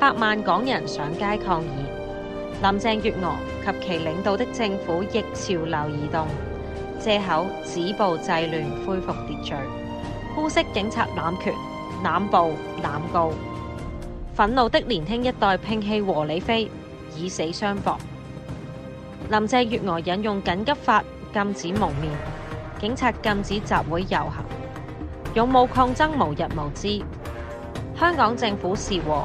百萬港人上街抗議，林鄭月娥及其領導的政府逆潮流而動，借口止暴制亂恢復秩序，污衊警察濫權、濫暴、濫告。憤怒的年輕一代摒棄和理非，以死相搏。林鄭月娥引用緊急法禁止蒙面，警察禁止集會遊行，勇武抗爭無日無之。香港政府是和。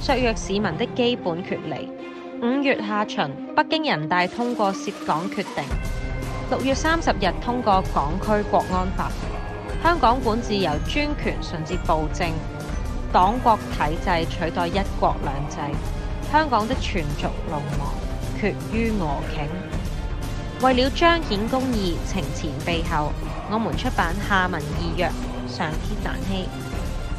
削弱市民的基本權利。五月下旬，北京人大通過涉港決定；六月三十日通過港區國安法。香港管治由專權順至暴政，黨國體制取代一國兩制。香港的全族龍亡，決於俄頃。為了彰顯公義，懲前毖後，我們出版下文二約，上天難欺。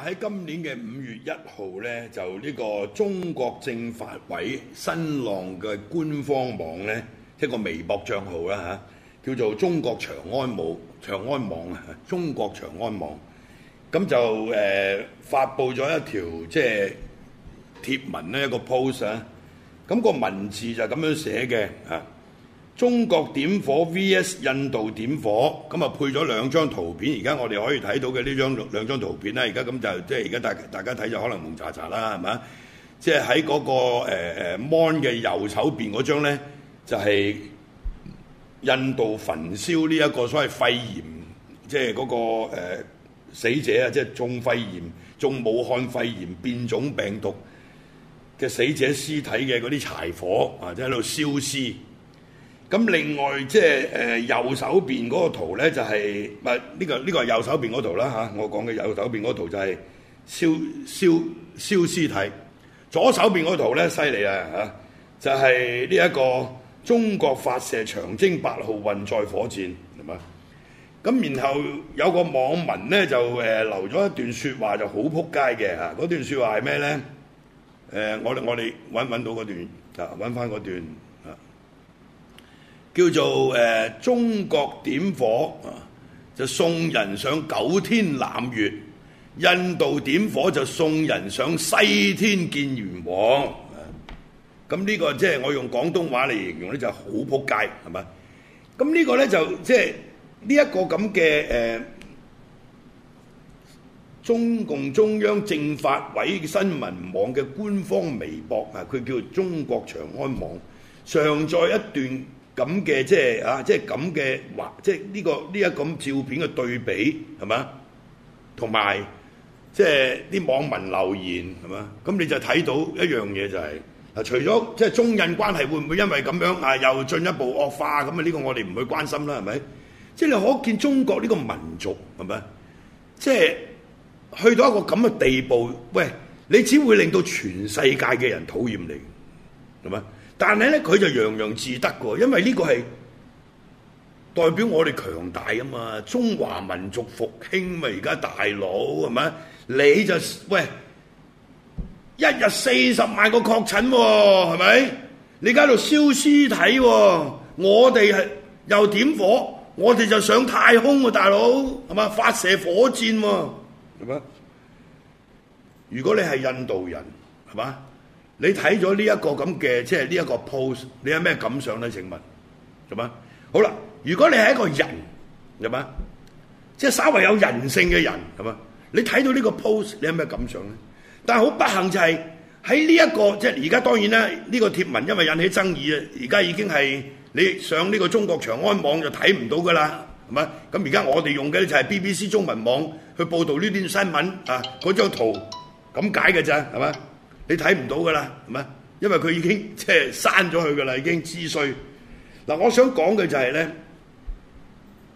喺今年嘅五月一號呢，就呢個中國政法委新浪嘅官方網呢，一個微博帳號啦嚇，叫做中國長安網，長安網，中國長安網，咁就誒、呃、發布咗一條即係貼文呢一個 post 啊，咁個文字就咁樣寫嘅啊。中國點火 VS 印度點火，咁啊配咗兩張圖片，而家我哋可以睇到嘅呢張兩張圖片咧，而家咁就即係而家大大家睇就可能蒙查查啦，係咪？即係喺嗰個誒 Mon 嘅右手邊嗰張咧，就係、是、印度焚燒呢一個所謂肺炎，即係嗰個、呃、死者啊，即、就、係、是、中肺炎、中武漢肺炎變種病毒嘅死者屍體嘅嗰啲柴火啊，喺、就、度、是、燒屍。咁另外即係誒右手邊嗰個圖咧，就係唔係呢個呢個係右手邊嗰圖啦嚇。我講嘅右手邊嗰圖就係燒燒燒屍體。左手邊嗰圖咧犀利啊嚇，就係呢一個中國發射長征八號運載火箭，係嘛？咁然後有個網民咧就誒留咗一段説話，就好撲街嘅嚇。嗰段説話係咩咧？誒，我我哋揾揾到嗰段啊，揾翻嗰段。叫做誒、呃、中國點火啊，就送人上九天攬月；印度點火就送人上西天見元王。咁、呃、呢、呢個即係我用廣東話嚟形容咧，就好、係、撲街，係嘛？咁呢個呢，就即係呢一個咁嘅誒，中共中央政法委新聞網嘅官方微博啊，佢叫中國長安網，上載一段。咁嘅即係啊，即係咁嘅話，即係呢個呢一咁照片嘅對比係嘛，同埋即係啲網民留言係嘛，咁你就睇到一樣嘢就係啊，除咗即係中印關係會唔會因為咁樣啊又進一步惡化咁啊？呢個我哋唔去關心啦，係咪？即係你可見中國呢個民族係咪？即係去到一個咁嘅地步，喂，你只會令到全世界嘅人討厭你，係咪？但係呢，佢就洋洋自得喎！因為呢個係代表我哋強大啊嘛，中華民族復興嘛，而家大佬係咪？你就喂，一日四十萬個確診喎，係咪？你而家喺度燒屍體喎，啊，我哋係又點火，我哋就上太空喎，啊，大佬係咪？發射火箭喎，啊，係咪？如果你係印度人，係咪？你睇咗呢一個咁嘅，即係呢一個 post，你有咩感想咧？請問，做咩？好啦，如果你係一個人，做咩？即係稍微有人性嘅人，係嘛？你睇到呢個 post，你有咩感想咧？但係好不幸就係喺呢一個，即係而家當然啦，呢個貼文因為引起爭議啊，而家已經係你上呢個中國長安網就睇唔到噶啦，係嘛？咁而家我哋用嘅就係 BBC 中文網去報導呢段新聞啊，嗰張圖咁解嘅咋，係嘛？你睇唔到噶啦，係咪？因為佢已經即係刪咗佢噶啦，已經知衰。嗱，我想講嘅就係、是、咧，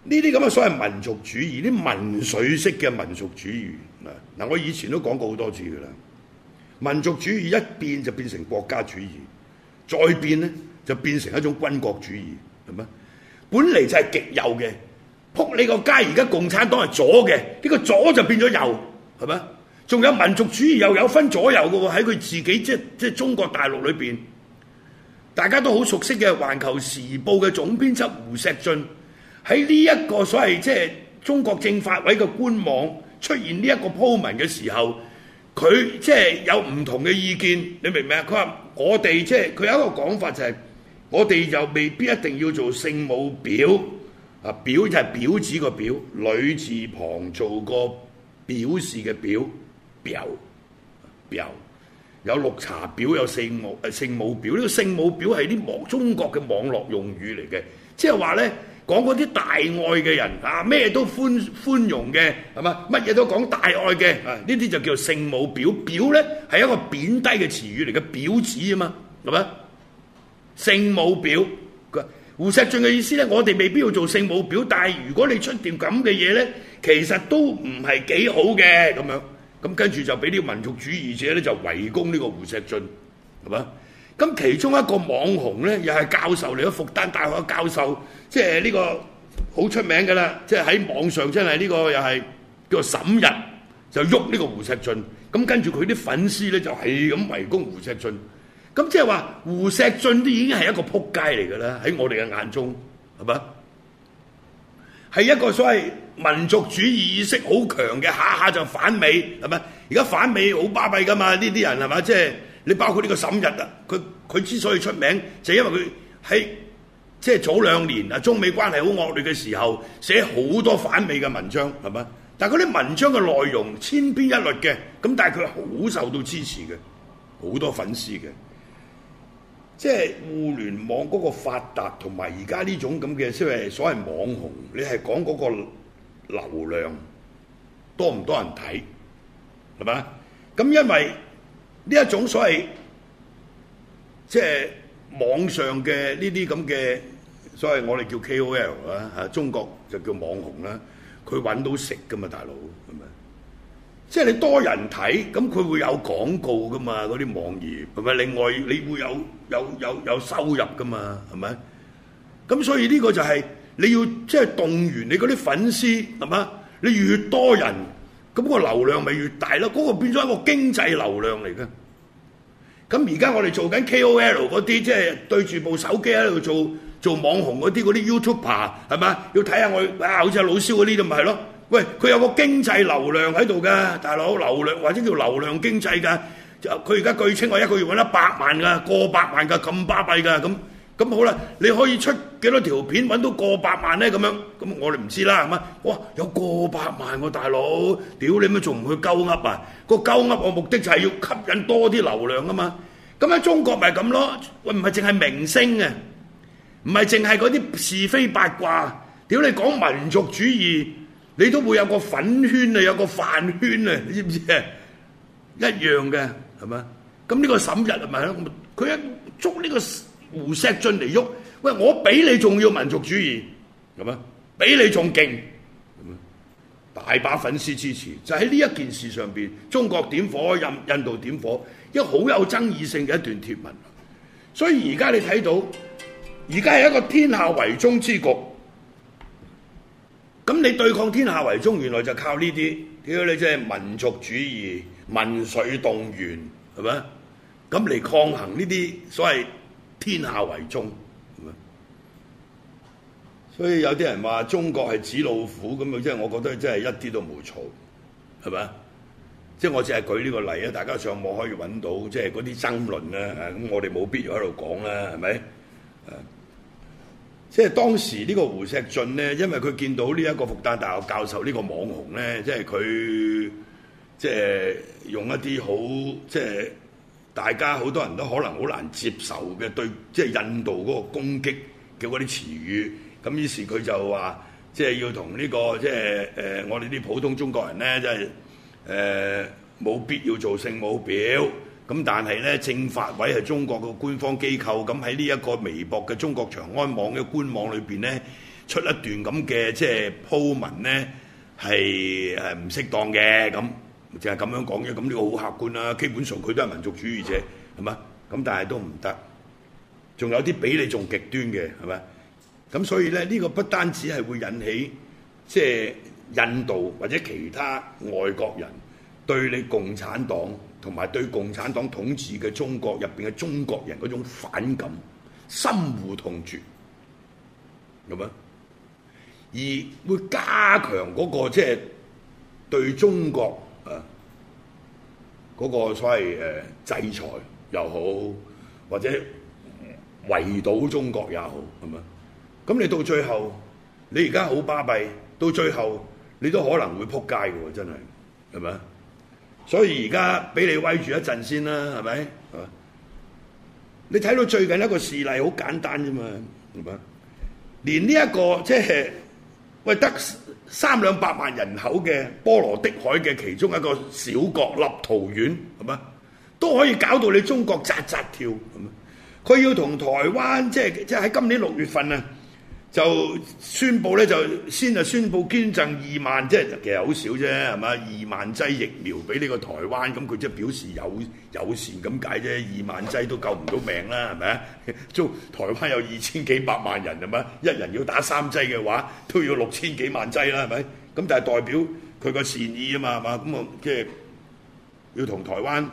呢啲咁嘅所謂民族主義，啲民粹式嘅民族主義，嗱嗱，我以前都講過好多次噶啦。民族主義一變就變成國家主義，再變咧就變成一種軍國主義，係咪？本嚟就係極右嘅，仆你個街！而家共產黨係左嘅，呢、這個左就變咗右，係咪？仲有民族主義又有分左右嘅喎，喺佢自己即即係中國大陸裏邊，大家都好熟悉嘅《環球時報》嘅總編輯胡石俊，喺呢一個所謂即係中國政法委嘅官網出現呢一個鋪文嘅時候，佢即係有唔同嘅意見，你明唔明啊？佢話我哋即係佢有一個講法就係，我哋又未必一定要做姓母表啊，表就係表字個表女字旁做個表示嘅表。表表有綠茶婊，有聖母聖母婊呢，呢個聖母婊係啲中國嘅網絡用語嚟嘅，即係話呢，講嗰啲大愛嘅人啊，咩都寬寬容嘅，係嘛，乜嘢都講大愛嘅啊，呢啲就叫聖母婊。婊呢係一個貶低嘅詞語嚟嘅，婊子啊嘛，係聖母婊。佢胡錫進嘅意思呢，我哋未必要做聖母婊，但係如果你出條咁嘅嘢呢，其實都唔係幾好嘅咁樣。咁跟住就俾啲民族主義者咧就圍攻呢個胡錫進，係嘛？咁其中一個網紅咧又係教授嚟嘅，復旦大學嘅教授，即係呢個好出名㗎啦，即係喺網上真係呢、呢個又係叫做沈日就喐呢個胡錫進。咁跟住佢啲粉絲咧就係咁圍攻胡錫進。咁即係話胡錫進都已經係一個撲街嚟㗎啦，喺我哋嘅眼中係嘛？係一個所謂民族主義意識好強嘅，下下就反美係咪？而家反美好巴閉㗎嘛？呢啲人係嘛？即係、就是、你包括呢個沈日啊，佢佢之所以出名就是、因為佢喺即係早兩年啊，中美關係好惡劣嘅時候寫好多反美嘅文章係嘛？但係啲文章嘅內容千篇一律嘅，咁但係佢好受到支持嘅，好多粉絲嘅。即係互聯網嗰個發達，同埋而家呢種咁嘅即係所謂網紅，你係講嗰個流量多唔多人睇係咪啊？咁因為呢一種所謂即係網上嘅呢啲咁嘅所謂我哋叫 KOL 啦，嚇中國就叫網紅啦，佢揾到食噶嘛，大佬係咪？是吧。即係你多人睇，咁佢會有廣告噶嘛？嗰啲網頁係咪？另外你會有有有有收入噶嘛？係咪？咁所以呢個就係、是、你要即係、就是、動員你嗰啲粉絲係嘛？你越多人，咁個流量咪越大咯。嗰、那個變咗一個經濟流量嚟㗎。咁而家我哋做緊 K O L 嗰啲，即、就、係、是、對住部手機喺度做做網紅嗰啲嗰啲 YouTuber 係咪？要睇下我、啊、好似阿老蕭嗰啲就咪係咯。喂，佢有個經濟流量喺度㗎。大佬流量或者叫流量經濟㗎。就佢而家據稱我一個月搵一百萬㗎，過百萬㗎咁巴閉㗎。咁咁好啦，你可以出幾多條片搵到過百萬咧？咁樣咁我哋唔知啦，係嘛？哇，有過百萬喎，啊，大佬，屌你咪仲唔去鳩噏啊？個鳩噏我目的就係要吸引多啲流量啊嘛。咁喺中國咪咁咯？喂，唔係淨係明星啊，唔係淨係嗰啲是非八卦，屌你講民族主義。你都會有個粉圈啊，有個飯圈啊，你知唔知啊？ 一樣嘅係咪？咁呢個沈日係咪佢一捉呢個胡錫進嚟喐，喂，我比你仲要民族主義，係咪？比你仲勁，係咪？大把粉絲支持，就喺呢一件事上邊，中國點火，印印度點火，一好有爭議性嘅一段貼文。所以而家你睇到，而家係一個天下圍中之局。咁你對抗天下圍中，原來就靠呢啲，屌你即係民族主義、民粹動員，係咪？咁嚟抗衡呢啲所謂天下圍中，係咪？所以有啲人話中國係紙老虎，咁樣即係我覺得真係一啲都冇錯，係咪？即係我淨係舉呢個例啊，大家上網可以揾到，即係嗰啲爭論啦，咁我哋冇必要喺度講啦，係咪？即、就、係、是、當時呢個胡錫進呢，因為佢見到呢一個復旦大學教授呢個網紅呢，即係佢即係用一啲好即係大家好多人都可能好難接受嘅對即係印度嗰個攻擊嘅嗰啲詞語，咁於是佢就話即係要同呢個即係誒我哋啲普通中國人呢，即係誒冇必要做聖母表。咁但係咧，政法委係中國嘅官方機構，咁喺呢一個微博嘅中國長安網嘅官網裏邊咧，出一段咁嘅即係鋪文咧，係係唔適當嘅，咁淨係咁樣講嘅，咁呢個好客觀啦。基本上佢都係民族主義者，係嘛？咁但係都唔得，仲有啲比你仲極端嘅，係咪？咁所以咧，呢個不單止係會引起即係印度或者其他外國人對你共產黨，同埋對共產黨統治嘅中國入邊嘅中國人嗰種反感，深惡痛絕，咁啊，而會加強嗰、那個即係、就是、對中國嗰、啊那個所謂、呃、制裁又好，或者圍堵中國也好，咁你到最後，你而家好巴閉，到最後你都可能會撲街喎，真係係咪？所以而家俾你威住一陣先啦，係咪？你睇到最近一個事例好簡單啫嘛，係嘛？連呢、這、一個即係喂得三兩百萬人口嘅波羅的海嘅其中一個小國立陶宛，係嘛，都可以搞到你中國扎扎跳，佢要同台灣即係即係喺今年六月份啊！就宣布咧，就先啊，宣布捐贈二萬，即係其實好少啫，係嘛？二萬劑疫苗俾呢個台灣，咁佢即係表示有友善咁解啫。二萬劑都救唔到命啦，係咪？中台灣有二千幾百萬人，係咪？一人要打三劑嘅話，都要六千幾萬劑啦，係咪？咁但係代表佢個善意啊嘛，係嘛？咁啊，即係要同台灣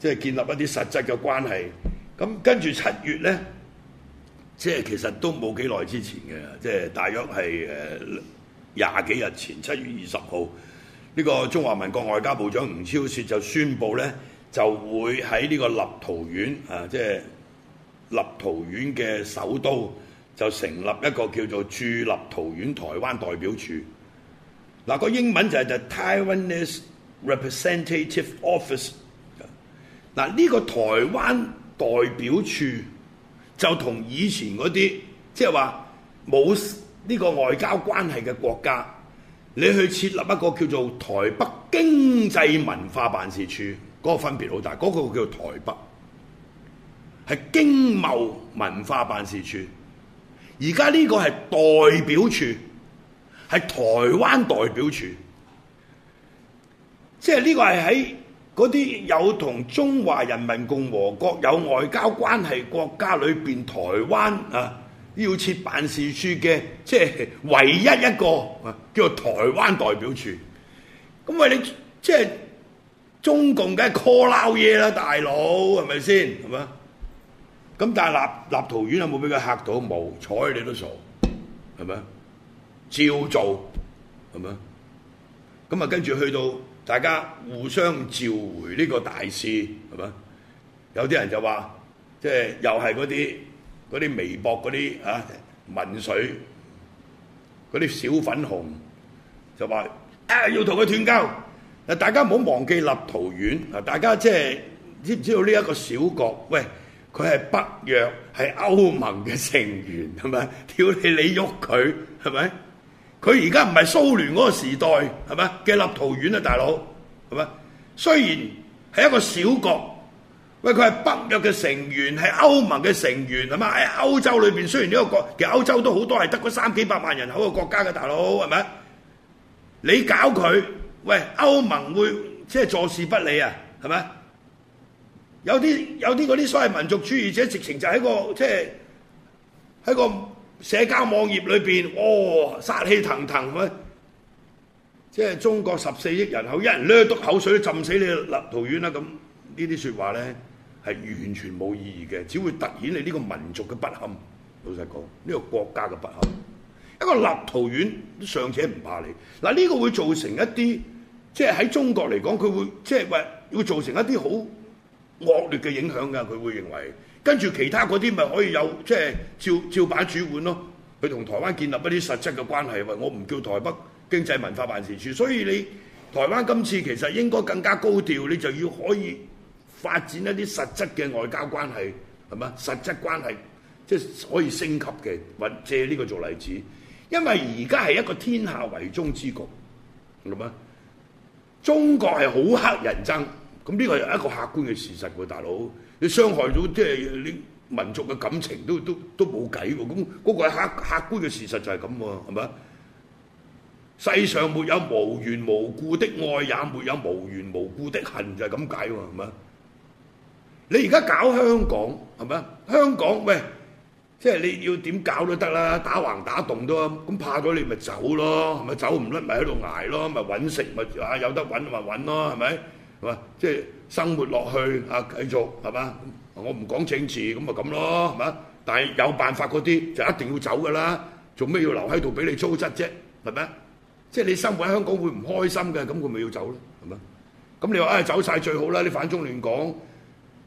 即係建立一啲實質嘅關係。咁跟住七月咧。即係其實都冇幾耐之前嘅，即係大約係誒廿幾日前，七月二十號，呢個中華民國外交部長吳釗燮就宣布咧，就會喺呢個立陶宛啊，即係立陶宛嘅首都，就成立一個叫做駐立陶宛台灣代表處。嗱，個英文就係就 Taiwanese Representative Office。嗱，呢個台灣代表處。就同以前嗰啲即係話冇呢個外交關係嘅國家，你去設立一個叫做台北經濟文化辦事處，嗰個分別好大。嗰個叫台北，係經貿文化辦事處，而家呢個係代表處，係台灣代表處，即係呢個係喺。嗰啲有同中華人民共和國有外交關係國家裏邊，台灣啊，要設辦事處嘅，即係唯一一個啊，叫做台灣代表處。咁喂你，即係中共梗係 call 撈嘢啦，大佬係咪先？係咪啊？咁但係立立陶宛有冇俾佢嚇到？無彩你都傻，係咪啊？照做，係咪啊？咁啊，跟住去到。大家互相召回呢個大使係咪？有啲人就話，即係又係嗰啲嗰啲微博嗰啲啊文水嗰啲小粉紅，就話啊要同佢斷交。大家唔好忘記立陶宛。嗱，大家即係知唔知道呢一個小國？喂，佢係北約，係歐盟嘅成員係咪？屌你你喐佢係咪？佢而家唔係蘇聯嗰個時代，係咪嘅立陶宛啊，大佬係咪？雖然係一個小國，喂，佢係北約嘅成員，係歐盟嘅成員，係咪？喺歐洲裏邊，雖然呢個國，其實歐洲都好多係得嗰三幾百萬人口嘅國家嘅、啊、大佬，係咪？你搞佢，喂，歐盟會即係、就是、坐視不理啊，係咪？有啲有啲嗰啲所謂民族主義者，直情就係一個即係喺個、就是社交網頁裏邊，哦，殺氣騰騰咁，即係、就是、中國十四億人口，一人攣督口水都浸死你立陶宛啦！咁呢啲説話咧係完全冇意義嘅，只會凸顯你呢個民族嘅不堪。老實講，呢、這個國家嘅不堪，一個立陶宛尚且唔怕你，嗱、啊、呢、這個會造成一啲即係喺中國嚟講，佢會即係話會造成一啲好惡劣嘅影響㗎。佢會認為。跟住其他嗰啲咪可以有即係、就是、照照板煮碗咯，去同台灣建立一啲實質嘅關係，喂，我唔叫台北經濟文化辦事處，所以你台灣今次其實應該更加高調，你就要可以發展一啲實質嘅外交關係，係咪實質關係，即、就、係、是、可以升級嘅，或者借呢個做例子。因為而家係一個天下圍中之局，係啊？中國係好黑人憎。咁呢個係一個客觀嘅事實喎，大佬，你傷害咗即係你民族嘅感情都，都都都冇計喎。咁、那、嗰個客客觀嘅事實就係咁喎，係咪？世上沒有無緣無故的愛，也沒有無緣無故的恨，就係咁解喎，係咪？你而家搞香港，係咪？香港，喂，即係你要點搞都得啦，打橫打棟都，咁怕咗你咪走咯，咪走唔甩咪喺度捱咯，咪揾食咪啊有得揾咪揾咯，係咪？即係生活落去啊，繼續係嘛？我唔講政治，咁咪咁咯，係嘛？但係有辦法嗰啲就一定要走噶啦，做咩要留喺度俾你糟質啫？係咪？即係你生活喺香港會唔開心嘅，咁佢咪要走咯，係嘛？咁你話啊，走晒最好啦！你反中亂講，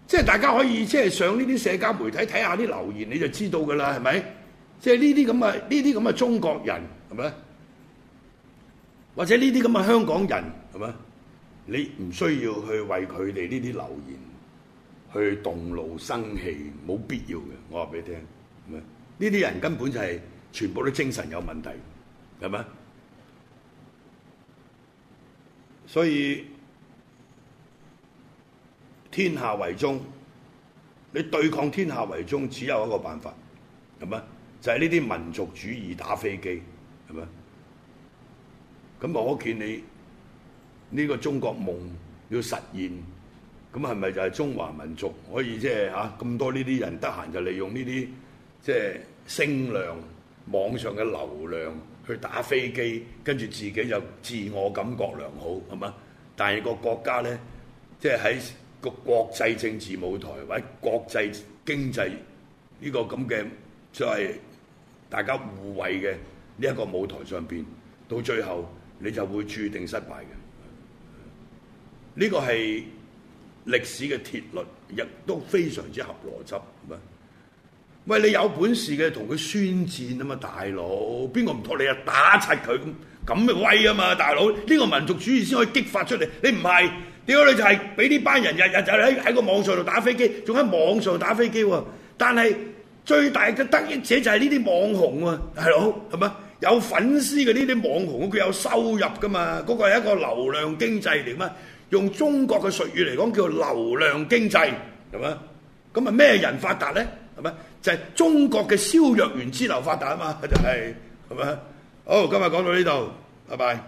即係大家可以即係上呢啲社交媒體睇下啲留言，你就知道㗎啦，係咪？即係呢啲咁嘅呢啲咁嘅中國人係咪？或者呢啲咁嘅香港人係咪？你唔需要去為佢哋呢啲留言去動怒生氣，冇必要嘅。我話俾你聽，呢啲人根本就係全部都精神有問題，係咪？所以天下圍中，你對抗天下圍中，只有一個辦法，係咪？就係呢啲民族主義打飛機，係咪？咁我見你。呢個中國夢要實現，咁係咪就係中華民族可以即係吓咁多呢啲人得閒就利用呢啲即係聲量、網上嘅流量去打飛機，跟住自己就自我感覺良好係嘛？但係個國家咧，即係喺個國際政治舞台或者國際經濟呢個咁嘅即係大家互惠嘅呢一個舞台上邊，到最後你就會注定失敗嘅。呢個係歷史嘅鐵律，亦都非常之合邏輯。喂，你有本事嘅同佢宣戰啊嘛，大佬！邊個唔妥你啊？打柒佢咁咁咪威啊嘛，大佬！呢個民族主義先可以激發出嚟。你唔係屌你就係俾呢班人日日就喺喺個網上度打飛機，仲喺網上打飛機喎。但係最大嘅得益者就係呢啲網紅喎，大佬係嘛？有粉絲嘅呢啲網紅，佢有收入噶嘛？嗰個係一個流量經濟嚟嘛？用中國嘅術語嚟講，叫做流量經濟，係那咁什咩人發達呢？係咪就係、是、中國嘅蕭若元之流發達啊嘛？就係是，是吧？好，今日講到呢度，拜拜。